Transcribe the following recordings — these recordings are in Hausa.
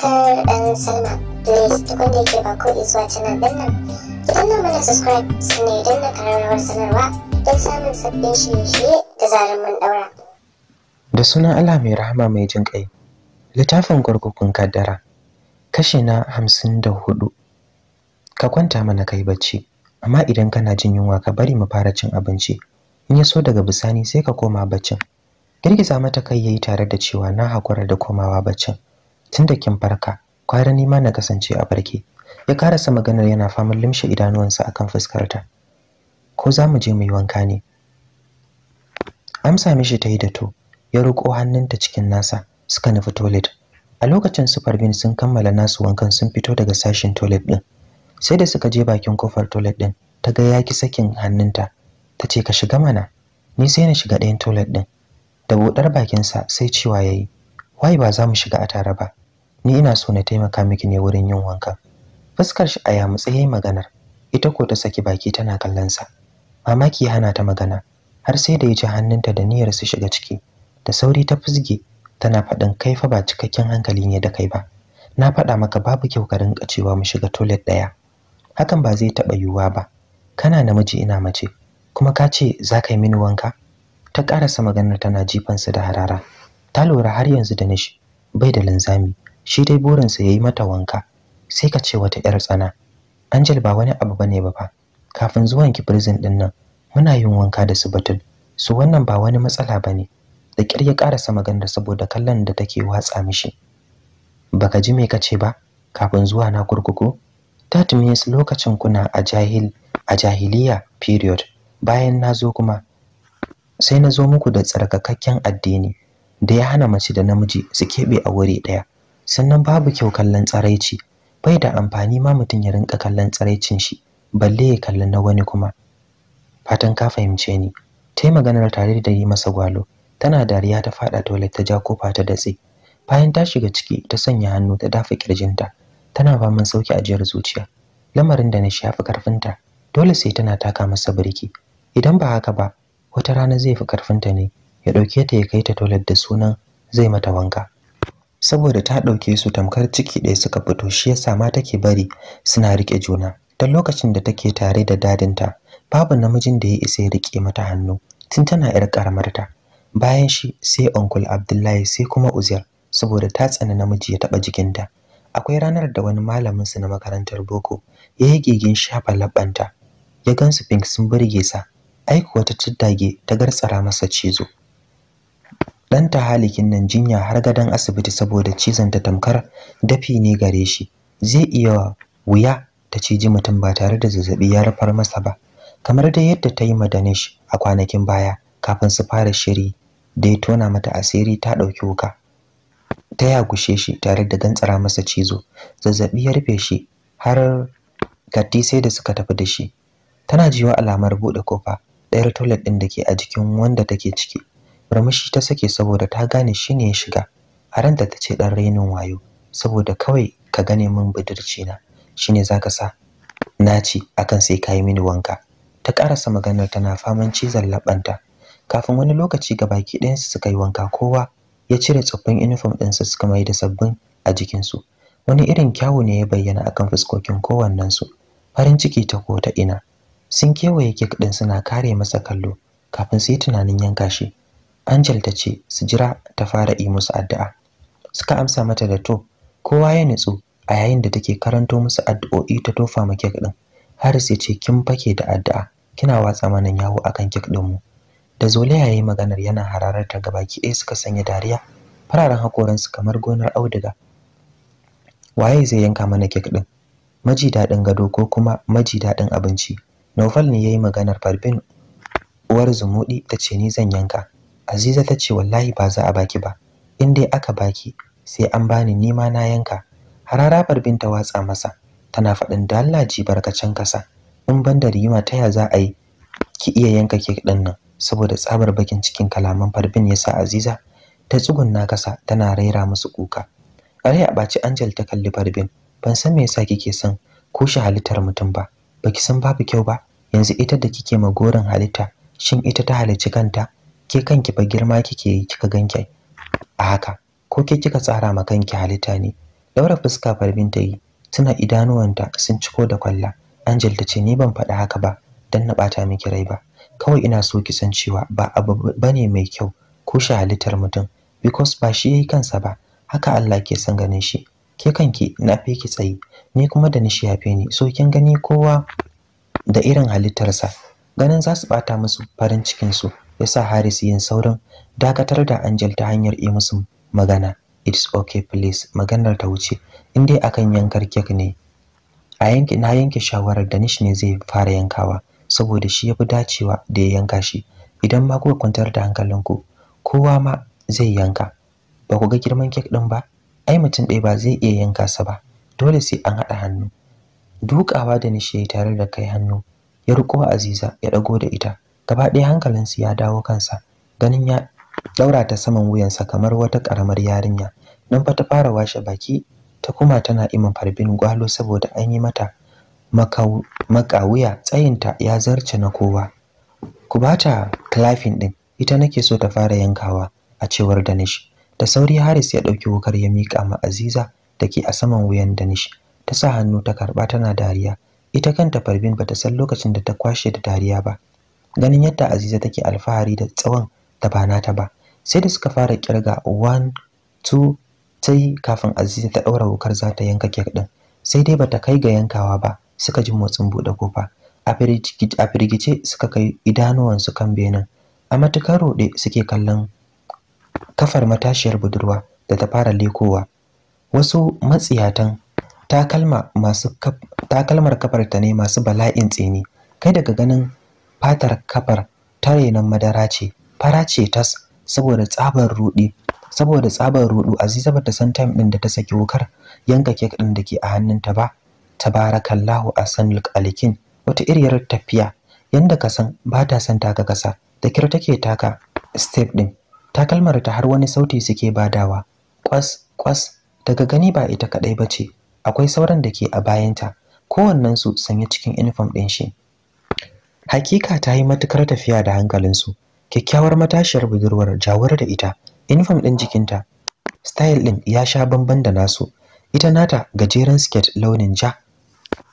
subscribe and sign up. Please tukun da yake ba ko zuwa canal din nan. Ki danna mana subscribe sannan idan na kararrawar sanarwa don samun sabbin shirye-shirye da zarar mun daura. Da sunan Allah mai rahama mai jin ƙai. Littafin gurgurkun kaddara. Kashi na hamsin da hudu. Ka kwanta mana kai bacci. Amma idan kana jin yunwa ka bari mu fara cin abinci. In ya so daga bisani sai ka koma baccin. girgiza mata kai yayi tare da cewa na hakura da komawa baccin tunda kin farka kwara nima na kasance a barke ya karasa maganar yana faman limshe idanuwansa akan fuskarta ko za mu je mu yi wanka ne amsa mishi ta yi da to ya roƙo hannunta cikin nasa suka nufi toilet a lokacin su farbin sun kammala nasu wankan sun fito daga sashin toilet din sai da suka je bakin kofar toilet din ta ga yaki sakin hannunta ta ce ka shiga mana ni sai na shiga ɗayan toilet din da buɗar bakinsa sai cewa ya yi wai ba za mu shiga a tare ba ni ina so na taimaka miki ne wurin yin wanka fuskar shi a yamutse yayin maganar ita ko ta saki baki tana kallon sa mamaki hana ta magana har sai da ya ji hannunta da niyyar su shiga ciki da sauri ta fusge tana faɗin kai fa ba cikakken hankali ne da kai ba na faɗa maka babu kyau ka rinka cewa mu shiga toilet ɗaya hakan ba zai taɓa yiwuwa ba kana namiji ina mace kuma ka ce za ka yi mini wanka ta ƙarasa maganar tana jifan jifansa da harara ta lura har yanzu da nishi bai da linzami shi dai burinsa ya yi mata wanka sai ka ce wata 'yar tsana angel ba wani abu bane ba fa kafin zuwan ki prison din nan muna yin wanka da su batul su wannan ba wani matsala bane da kyar ya karasa magana saboda kallon da take watsa mishi baka ji me kace ba kafin zuwa na kurkuku that means lokacin kuna a jahil a jahiliya period bayan na zo kuma sai na zo muku da tsarkakakken addini da ya hana mace da namiji su keɓe a wuri ɗaya sannan babu kyau kallon tsaraici bai da amfani ma mutum ya rinka kallon tsaraicin shi balle ya kalli na wani kuma fatan ka fahimce ni ta yi maganar tare da yi masa gwalo tana dariya ta faɗa toilet ta ja kofa ta datse bayan ta shiga ciki ta sanya hannu ta dafa kirjinta tana ba min sauki ajiyar zuciya lamarin da na shafi karfinta dole sai tana taka masa birki idan ba haka ba wata rana zai fi karfinta ne ya ɗauke ta ya kai ta toilet da sunan zai mata wanka saboda ta ɗauke su tamkar ciki ɗaya suka fito shi yasa ma take bari suna riƙe juna ta lokacin da take tare da dadinta babu namijin da ya isa ya riƙe mata hannu tun tana 'yar ƙaramarta bayan shi sai uncle abdullahi sai kuma uzair saboda ta tsana namiji ya taɓa jikinta akwai ranar da wani malamin su na makarantar boko ya yi gigin shafa labbanta ya gansu pink sun burge sa aiko ta ciddage ta gartsara masa cizo ɗan halikin nan jinya har gadon asibiti saboda cizon ta tamkar dafi ne gare shi zai iya wuya ta ciji mutum ba tare da zazzabi ya rufar masa ba kamar da yadda ta yi ma Danish a kwanakin baya kafin su fara shiri da ya tona mata asiri ta ɗauki wuka ta gushe shi tare da gantsara masa cizo zazzabi ya rufe shi har katti sai da suka tafi da shi tana jiwa alamar buɗe kofa ɗayar toilet ɗin da ke a jikin wanda take ciki Murmushi ta sake saboda ta gane shi ne ya shiga. A ranta ta ce ɗan rainin wayo, saboda kawai ka gane min budurci na, shi ne za ka sa naci akan sai ka yi mini wanka. Ta ƙarasa maganar tana faman cizon laɓanta. Kafin wani lokaci ga ɗayan ɗayansu suka yi wanka kowa ya cire tsoffin inifom ɗinsu suka mai da sabbin a jikinsu. Wani irin kyawu ne ya bayyana akan fuskokin kowannensu. Farin ciki ta ko ta ina. Sun kewaye kek ɗin suna kare masa kallo kafin su yi tunanin yanka shi. Angel ta ce su jira ta fara yi musu addu'a. Suka amsa mata da to, kowa ya nutsu a yayin da take karanto musu addu'o'i ta tofa ma kek din. Haris ya ce kin fake da addu'a, kina watsa mana yawo akan kek din mu. Da Zoliya yi maganar yana hararar ta ki ɗaya suka sanya dariya, fararen hakoransu kamar gonar auduga. Waye zai yanka mana kek ɗin, Maji daɗin gado ko kuma maji daɗin abinci? Naufal ne ya yi maganar Farbin uwar zumuɗi ta ce ni zan yanka Aziza ta ce wallahi ba za a baki ba in dai aka baki sai an bani nima na yanka harara farbin ta watsa masa tana faɗin da Allah ji barkacin kasa in ban da rima ta ya za a yi ki iya yanka kek ɗin nan saboda tsabar bakin cikin kalaman farbin ya sa Aziza ta tsugunna kasa tana raira musu kuka Rai a baci Angel ta kalli farbin ban san me yasa kike son kushe halittar mutum ba baki san babu kyau ba yanzu ita da kike ma gorin halitta shin ita ta halicci kanta ke kanki fa girma kike yi kika ganki a haka ko ke kika tsara ma kanki halitta ne daura fuska farbin ta yi tuna idanuwanta sun ciko da kwalla Angel ta ce ni ban faɗa haka ba dan na bata miki rai ba kawai ina so ki san cewa ba abu bane mai kyau ko shi halittar mutum because ba shi yayi kansa ba haka Allah ke san ganin shi ke kanki na fi ki tsayi ni kuma da ni shafe ni so kin gani kowa da irin halittarsa ganin za su bata musu farin cikin su ya sa Haris yin saurin dakatar da Angel ta hanyar yi musu magana. It's okay please maganar ta wuce in dai akan yankar kek ne. A yanki na yanke shawarar da Nish ne zai fara yankawa saboda shi ya fi dacewa da ya yanka shi. Idan ma kuka kwantar da hankalinku kowa ma zai yanka. Ba ku ga girman kek ɗin ba? Ai mutum ɗaya ba zai iya yanka sa ba. Dole sai an haɗa hannu. Dukawa da Nish ya tare da kai hannu ya riko Aziza ya ɗago da ita. gaba ɗaya hankalinsu ya dawo kansa ganin ya daura ta saman wuyansa kamar wata ƙaramar yarinya nan fa ta fara washe baki ta kuma tana iman farbin gwalo saboda an yi mata makawuya tsayinta ya zarce na kowa ku ba ta klafin ɗin, ita nake so ta fara yankawa a cewar danish da sauri haris ya ɗauki wukar ya miƙa ma aziza da ke a saman wuyan danish ta sa hannu ta karɓa tana dariya ita kanta farbin bata san lokacin da ta kwashe da dariya ba ganin yadda aziza take alfahari da tsawon da ba nata ba sai da suka fara kirga 1 2 sai kafin aziza ta daura wukar za ta yanka kek din sai dai bata kai ga yankawa ba suka ji motsin bude kofa a firgice suka kai su kan benin a matukar rode suke kallon kafar matashiyar budurwa da ta fara lekowa wasu matsiyatan takalma masu takalmar ta ne masu bala'in tsini kai daga ganin fatar kafar ta renon madara ce fara ce tas saboda tsabar rudi saboda tsabar rudu aziza bata san time din da ta saki wukar yanka kek din da ke a hannunta ba tabarakallahu asanul alikin wata iriyar tafiya yanda ka san ba ta son taka kasa da kira take taka step din takalmar ta har wani sauti suke badawa kwas kwas daga gani ba ita kadai bace akwai sauran da ke a bayanta kowannen su sanye cikin uniform din shi hakika ta yi matukar tafiya da hankalinsu kyakkyawar matashiyar budurwar jawar da ita uniform ɗin jikinta style din ya sha bamban da nasu ita nata gajeren skirt launin ja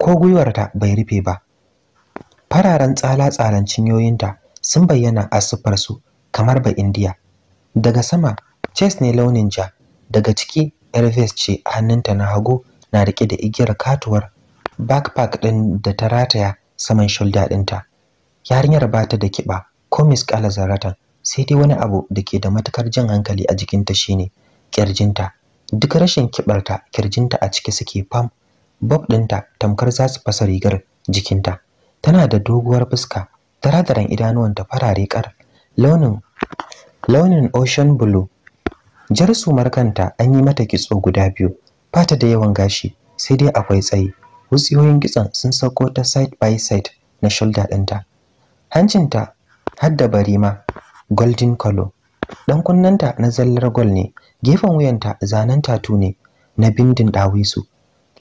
ko gwiwarta bai rufe ba fararen tsala-tsalan cinyoyinta sun bayyana a su kamar ba india daga sama chest ne launin ja daga ciki elvis ce hannunta na hagu na rike da igiyar katuwar backpack ɗin da ta rataya saman shoulder ɗinta yarinyar ba ta da kiba ko miskala zaratan sai dai wani abu da ke da matukar jin hankali a jikinta shine kirjinta duk rashin kibarta kirjinta a ciki suke fam bob ɗinta tamkar za su fasa rigar jikinta tana da doguwar fuska daradaran idanuwanta farare kar launin launin ocean blue jar sumar kanta an yi mata kitso guda biyu fata da yawan gashi sai dai akwai tsayi wutsiyoyin kitson sun sauko ta side by side na shoulder ɗinta hancinta har da bari ma golden color dan kunnanta na zallar gol ne gefen wuyanta zanen tatu ne na bindin dawisu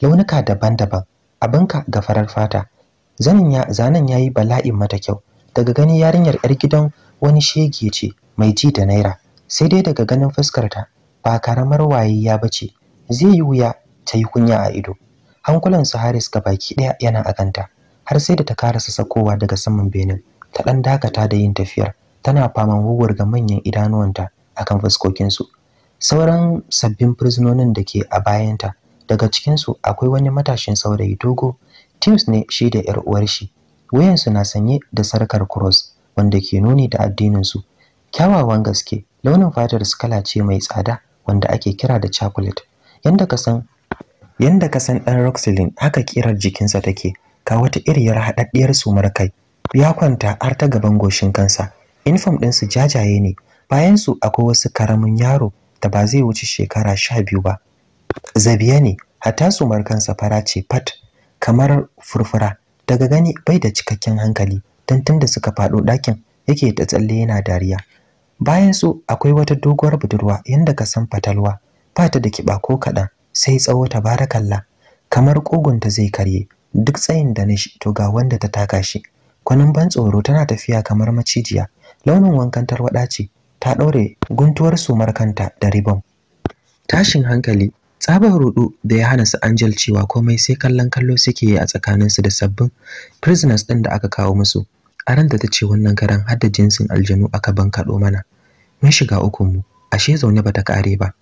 launuka daban-daban abinka ga farar fata zanin ya zanen yayi bala'in mata kyau daga gani yarinyar yar gidan wani shege ce mai ji da naira sai dai daga ganin fuskarta ba karamar wayayya bace zai yi wuya ta yi kunya a ido hankulan su Haris ga baki ɗaya yana akanta har sai da ta karasa sakowa daga saman benin ta ɗan dakata da yin tafiyar tana faman wuwar ga manyan idanuwanta akan fuskokinsu sauran sabbin fursunonin da ke a bayanta daga cikinsu akwai wani matashin saurayi dogo teams ne shi da yar uwar shi wayansu na sanye da sarkar cross wanda ke nuni da addininsu kyawawan gaske launin fatar su kala ce mai tsada wanda ake kira da chocolate yanda ka san yanda ka san dan roxelin haka kirar jikinsa take ka wata iriyar haɗaɗɗiyar sumar kai ya kwanta har ta gaban goshin kansa uniform ɗinsu jajaye ne bayan su akwai wasu karamin yaro da ba zai wuce shekara sha biyu ba zabiya ne hatta su markan fara ce fat kamar furfura daga gani bai da cikakken hankali don tunda suka faɗo ɗakin yake da tsalle yana dariya bayan su akwai wata doguwar budurwa yadda ka san fatalwa ba da kiɓa ko kaɗan sai tsawo ta kalla. kamar ƙugunta zai karye duk tsayin da na shi to ga wanda ta taka shi Kwanin ban tsoro tana tafiya kamar macijiya. Launin wankan tarwaɗa ce, ta ɗaure guntuwar sumar kanta da ribon. Tashin hankali, tsabar rudu da ya hana su Angel cewa komai sai kallon kallo suke yi a tsakanin su da sabbin prisoners ɗin da aka kawo musu. A ran da ta ce wannan karan har da jinsin aljanu aka kaɗo mana. Mun shiga ukunmu, ashe zaune bata kare ba.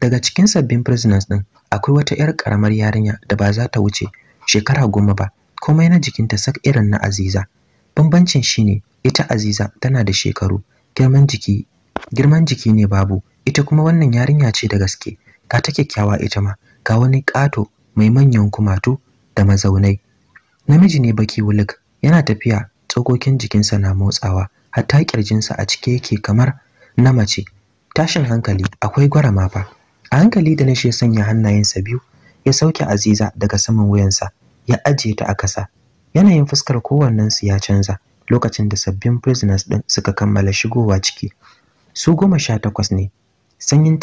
Daga cikin sabbin prisoners ɗin akwai wata 'yar karamar yarinya da ba za ta wuce shekara goma ba, komai na jikinta sak irin na Aziza. bambancin shine ita Aziza tana da shekaru girman jiki girman jiki ne babu ita kuma wannan yarinya ce da gaske ga ta kyakkyawa ita ma ga wani ƙato mai manyan kumatu da mazaunai namiji ne baki wulik. yana tafiya tsokokin jikinsa na motsawa hatta kirjinsa a cike yake kamar na mace tashin hankali akwai gwarama fa a hankali da na ya sanya hannayensa biyu ya sauke Aziza daga saman wuyansa ya ajiye ta a kasa yanayin fuskar kowannensu ya canza lokacin da sabbin prisoners ɗin suka kammala shigowa ciki su goma sha takwas ne sanye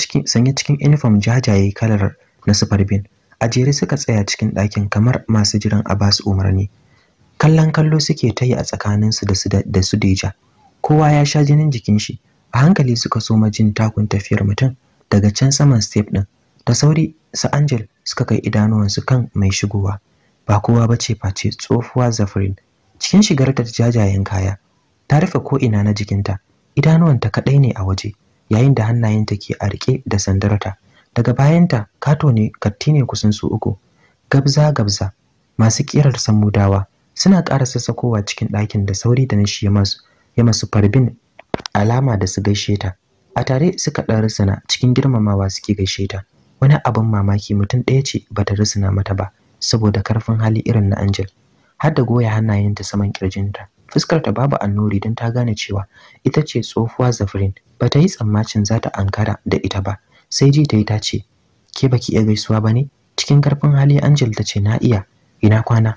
cikin uniform jajaye kalar na super bin a jere suka tsaya cikin ɗakin kamar masu jiran a basu umarni kallon kallo suke ta yi a tsakaninsu da su deja kowa ya sha jinin jikin shi a hankali suka soma jin takun tafiyar mutum daga can saman step ɗin da sauri su angel suka kai idanuwansu kan mai shigowa ba kowa ba ce face tsofuwa zafirin cikin shigarta da jajayen kaya ta rufe ko'ina na jikinta idanuwanta kaɗai ne a waje yayin da hannayenta ke a riƙe da sandarta daga bayanta kato ne katti ne kusan su uku gabza gabza masu ƙirar samudawa suna ƙara sassakowa cikin ɗakin da sauri da nishi ya masu ya masu farbin alama da su gaishe ta a tare suka ɗan rusuna cikin girmamawa suke gaishe ta wani abin mamaki mutum ɗaya ce bata rusuna mata ba saboda karfin hali irin na Angel har da goya hannayenta saman kirjinta ta babu annori don ta gane cewa ita ce tsofuwa Zafrin ta yi tsammacin za ta ankara da ita ba sai ji ta yi ta ce ke baki iya gaisuwa ba ne cikin karfin hali Angel ta ce na iya ina kwana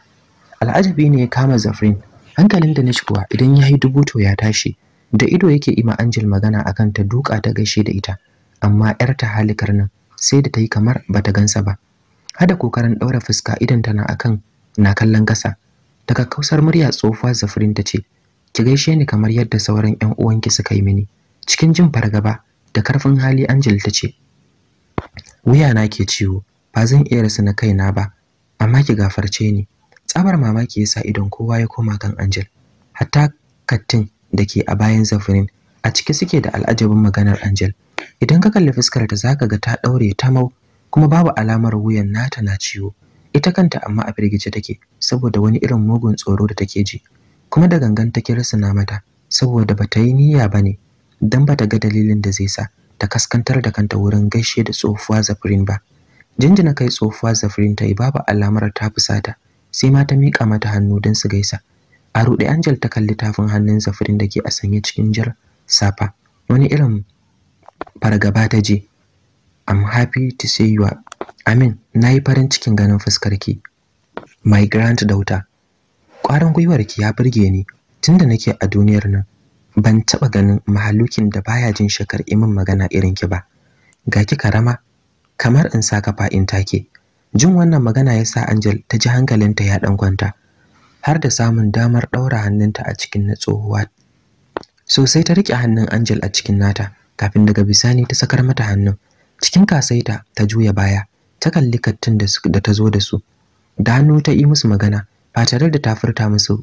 al'ajabi ne ya kama Zafrin hankalin da na kuwa idan ya yi dubuto ya tashi da ido yake ima Angel magana akan ta duka ta gaishe da ita amma 'yarta halikar nan sai da ta yi kamar ba ta gansa ba hada kokarin daura fuska idan tana akan na kallon kasa daga kausar murya tsofa Zafrin ta ce ki gaishe ni kamar yadda sauran 'yan uwanki suka yi mini cikin jin fargaba da karfin hali Angel ta ce wuya na ke ciwo ba zan iya rasa na kaina ba amma ki gafarce ni tsabar mamaki ya sa idon kowa ya koma kan Angel hatta kattin da ke a bayan Zafrin a ciki suke da al'ajabin maganar Angel idan ka kalli fuskar ta zaka ga ta daure ta mau kuma babu alamar wuyan nata na ciwo ita kanta amma a firgice take saboda wani irin mugun tsoro da take ji kuma da gangan take na mata saboda bata yi niyya ba bane dan bata ga dalilin da zai sa ta kaskantar da kanta wurin gaishe da tsofuwa Zafrin ba jinjina kai tsofuwa Zafrin ta yi babu alamar ta fusata sai ma ta mika mata hannu dan su gaisa a rude Angel ta kalli tafin hannun Zafrin da ke a sanye cikin jar safa wani irin fargaba ta je I'm happy to see you are. I mean, na yi farin cikin ganin fuskarki. My wuta. Ƙwarin gwiwarki ya burge ni tunda nake a duniyar nan. Ban taɓa ganin mahalukin da baya jin shakar imin magana irin ki ba. Ga ki karama, kamar in saka fa'in take. Jin wannan magana ya sa Angel ta ji hankalinta ya ɗan kwanta, har da samun damar ɗaura hannunta a cikin na tsohuwa. Sosai ta riƙe hannun Angel a cikin nata, kafin daga bisani ta sakar mata hannun. cikin kasaita ta juya baya ta kalli kattun da da ta zo da su da hannu ta yi musu magana ba tare da ta furta musu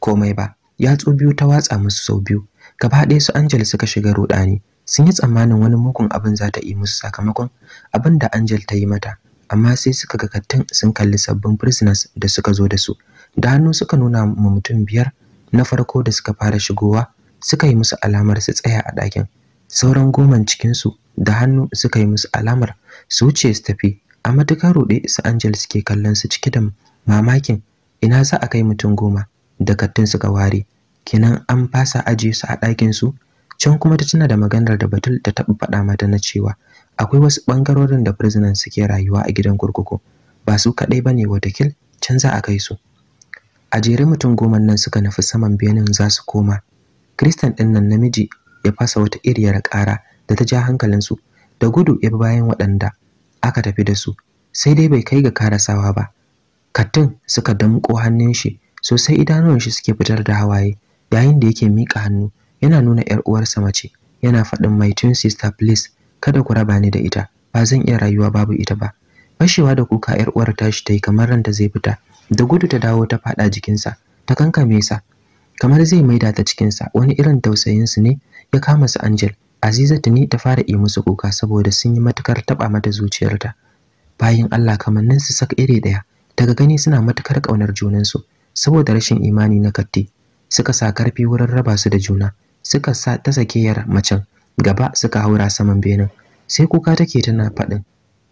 komai ba yatsu biyu ta watsa musu sau biyu gaba ɗaya su Angel suka shiga rudani sun yi tsammanin wani mugun abin za ta yi musu sakamakon abin da Angel ta yi mata amma sai suka ga kattun sun kalli sabbin prisoners da suka zo da su da hannu suka nuna ma mutum biyar na farko da suka fara shigowa suka yi musu alamar su tsaya a ɗakin sauran goma cikinsu da hannu suka yi musu alamar su wuce su tafi a matukan ruɗe su Angel suke kallon su cike da mamakin ina za a kai mutum goma da kattun suka ware kenan an fasa aje su a ɗakin su can kuma ta tuna da maganar da Batul ta taɓa faɗa mata na cewa akwai wasu ɓangarorin da prisoners suke rayuwa a gidan kurkuku ba su kaɗai ba ne watakil can za a kai su a jere mutum goma nan suka nufi saman benin za su koma kristan ɗin namiji ya fasa wata iriyar ƙara da ta ja hankalinsu da gudu ya bayan waɗanda aka tafi da su sai dai bai kai ga karasawa ba kattun suka damƙo hannun shi sosai idanuwan shi suke fitar da hawaye yayin da yake miƙa hannu yana nuna ‘yar uwarsa mace yana faɗin my twin sister please kada ku raba ni da ita ba zan iya rayuwa babu ita ba fashewa da kuka ‘yar uwar tashi ta yi kamar ranta zai fita da gudu ta dawo ta faɗa jikinsa ta kankame sa kamar zai maida ta cikinsa wani irin tausayinsu ne ya kama su angel Aziza tuni ta fara yi musu kuka saboda sun yi matukar taba mata zuciyarta. Bayan Allah kamannin su saka iri daya, daga gani suna matukar kaunar junan su saboda rashin imani na katti. Suka sa karfi wurin raba su da juna, suka sa ta sake yar macen gaba suka haura saman benin. Sai kuka take tana faɗin,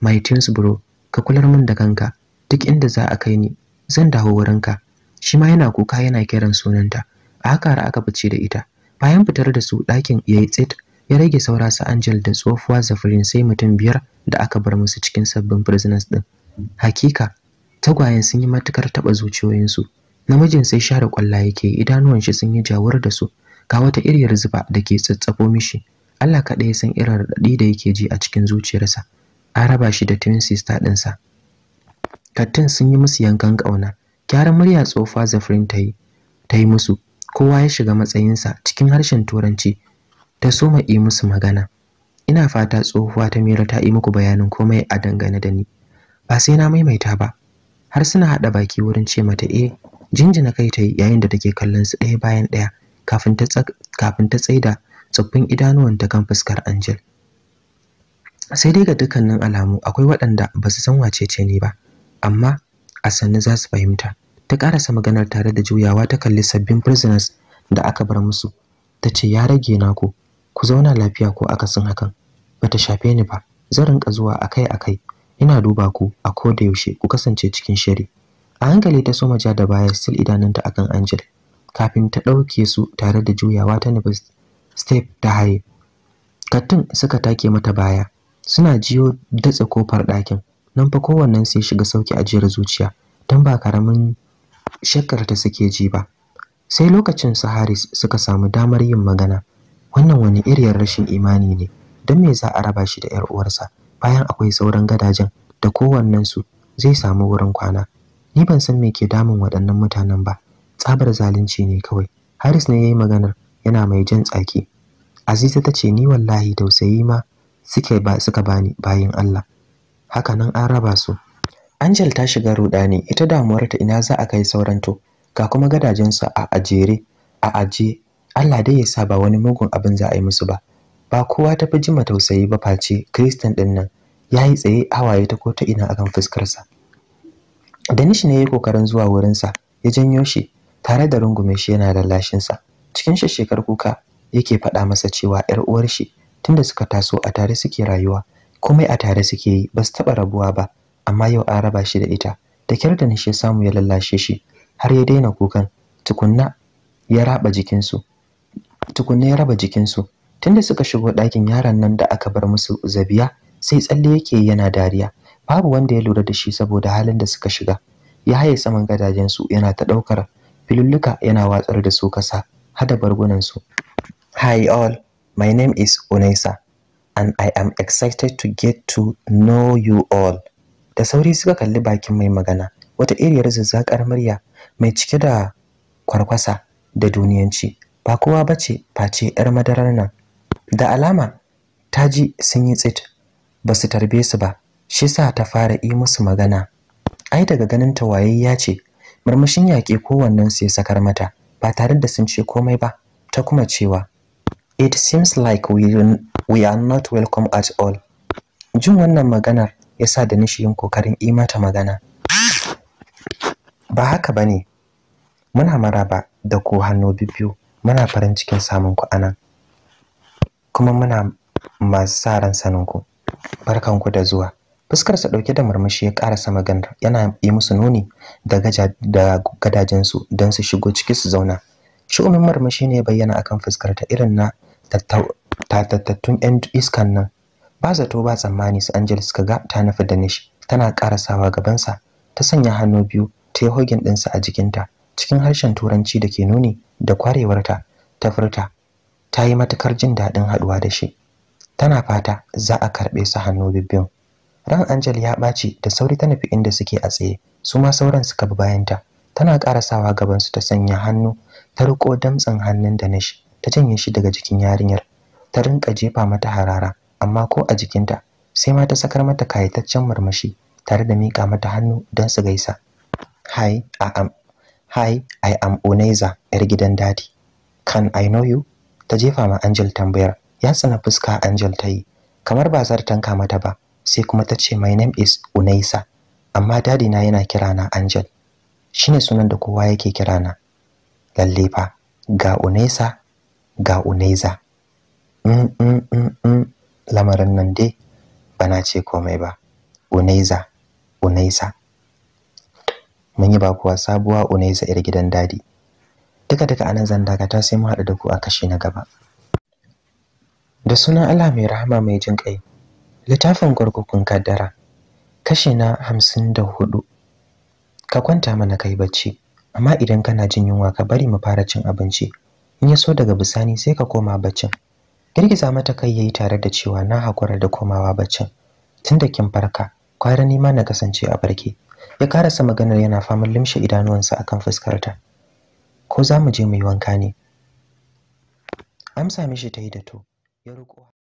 "My twins bro, ka kular min da kanka, duk inda za a kai ni, zan dawo ka. Shi ma yana kuka yana kiran sunanta. A haka aka fice da ita. Bayan fitar da su ɗakin yayi tsit ya rage saura su Angel da tsofuwa Zafirin sai mutum biyar da aka bar musu cikin sabbin prisoners din. Hakika tagwayen sun yi matukar taba zuciyoyinsu. Namijin sai share kwalla yake idanuwan shi sun yi jawar da su ga wata iriyar zuba da ke tsatsafo mishi. Allah kaɗai ya san irin raɗaɗi da yake ji a cikin zuciyarsa. An raba shi da twin sister ɗinsa. Kattin sun yi musu yankan ƙauna. Gyaran murya tsofa Zafirin ta yi ta yi musu. Kowa ya shiga matsayinsa cikin harshen Turanci ta so ma yi musu magana ina fata tsohuwa ta mira ta yi muku bayanin komai a dangane da ni ba sai na maimaita ba har suna haɗa baki wurin ce mata eh jinjina kai ta yi yayin da take kallon su ɗaya bayan ɗaya kafin ta kafin ta tsaida tsoffin idanuwanta kan fuskar Angel sai dai ga dukkanin alamu akwai waɗanda ba su san wacece ni ba amma a sannu za su fahimta ta ƙarasa maganar tare da juyawa ta kalli sabbin prisoners da aka bar musu ta ce ya rage naku ku zauna lafiya ko akasin hakan bata shafe ni ba zan rinka zuwa akai-akai ina duba ku a koda yaushe ku kasance cikin shiri a hankali ta soma ja da baya sil idanunta akan Angel kafin ta ɗauke su tare da juyawa ta nufi step ta haye kattun suka take mata baya suna jiyo datse kofar ɗakin nan fa kowannen sai shiga sauki ajiyar zuciya don ba karamin shakkar ta suke ji ba sai lokacin su suka samu damar yin magana wannan wani iriyar rashin imani ne don me za a raba shi da yar uwarsa bayan akwai sauran gadajen da su zai samu wurin kwana ni ban san me ke damun waɗannan mutanen ba tsabar zalunci ne kawai Haris ne yayi maganar yana mai jan tsaki Aziza ta ce ni wallahi tausayi ma suke ba suka bani bayin Allah haka nan an raba su Angel ta shiga rudani ita damuwarta ina za a kai sauranto ga kuma gadajensu a ajere a aje Allah dai ya sa ba wani mugun abin za a yi musu ba ba kowa ta fi jima tausayi ba face kristan din nan ya yi tsaye hawaye ta kota ta ina akan fuskarsa danish ne ya yi kokarin zuwa wurinsa ya janyo shi tare da rungume shi yana da lashinsa. cikin shekar kuka yake faɗa masa cewa 'yar uwar shi tunda suka taso a tare suke rayuwa komai a tare suke yi ba su taɓa rabuwa ba amma yau an raba shi da ita da kyar da nishe samu ya lallashe shi har ya daina kukan tukunna ya raba jikinsu tukunna ya raba jikinsu tunda suka shigo ɗakin yaron nan da aka bar musu zabiya sai tsalle yake yana dariya babu wanda ya lura da shi saboda halin da suka shiga ya haye saman gadajensu yana ta ɗaukar filulluka yana watsar da su kasa hada bargunansu hi all my name is unaisa and i am excited to get to know you all da sauri suka kalli bakin mai magana wata iriyar zazzakar murya mai cike da kwarkwasa da duniyanci ba kowa ba ce face 'yar madarar nan da alama ta ji sun yi tsit ba su tarbe su ba shi sa ta fara yi musu magana ai daga ganin ta ya ce murmushin yaƙe kowannen ya sakar mata ba tare da sun ce komai ba ta kuma cewa it seems like we, are not welcome at all jin wannan maganar ya sa da nishi yin kokarin yi mata magana ba haka ba ne muna maraba da ko hannu biyu muna farin cikin samun ku anan kuma muna masu sa ran sanin ku barkan ku da zuwa fuskar sa dauke da murmushi ya karasa magana yana yi musu nuni da gaja da gadajin su don su shigo ciki su zauna shi'umin murmushi ne ya bayyana akan fuskar ta irin na tattattun yan iskan nan ba zato ba tsammani su Angel suka ga ta nufi da nishi tana karasawa gabansa ta sanya hannu biyu ta yi hogin ɗinsa a jikinta cikin harshen turanci da ke nuni da kwarewarta ta furta ta yi matukar jin daɗin haɗuwa da shi tana fata za a karɓe su hannu bibbiyun ran Angel ya ɓaci da sauri ta nufi inda suke a tsaye su ma sauran suka bi bayanta tana ƙarasawa gaban su ta sanya hannu ta riƙo damtsin hannun da nashi ta janye shi daga jikin yarinyar ta rinka jefa mata harara amma ko a jikinta sai ma ta sakar mata kayataccen murmushi tare da miƙa mata hannu don su gaisa Hai a'am Hi, I am Oneza, ‘yar gidan dadi. Can I know you? Ta jefa ma Angel tambayar. Ya tsana fuska Angel ta yi, kamar ba zar tanka mata ba, sai kuma ta ce my name is Unaisa, amma dadi na yana kira na Angel. Shine sunan da kowa yake kira na. Lalle fa, ga Unaisa, ga Unaiza. Mm mm mm mm lamarin nan dai bana ce komai ba. Unaiza, Unaisa. mun yi bakuwa sabuwa Unaiza yar gidan dadi duka duka anan zan dakata sai mu haɗu da ku a kashi na gaba da sunan Allah mai rahama mai jin kai littafin gurgurkun kaddara kashi na hamsin da hudu ka kwanta mana kai bacci amma idan kana jin yunwa ka bari mu fara cin abinci in ya so daga bisani sai ka koma baccin girgiza mata kai yayi tare da cewa na hakura da komawa baccin tunda kin farka kwara ma na kasance a barke ya karasa maganar yana faman limshe idanuwansa akan fuskarta ko za mu je mu yi wanka ne amsa mishi ta yi da to ya ruko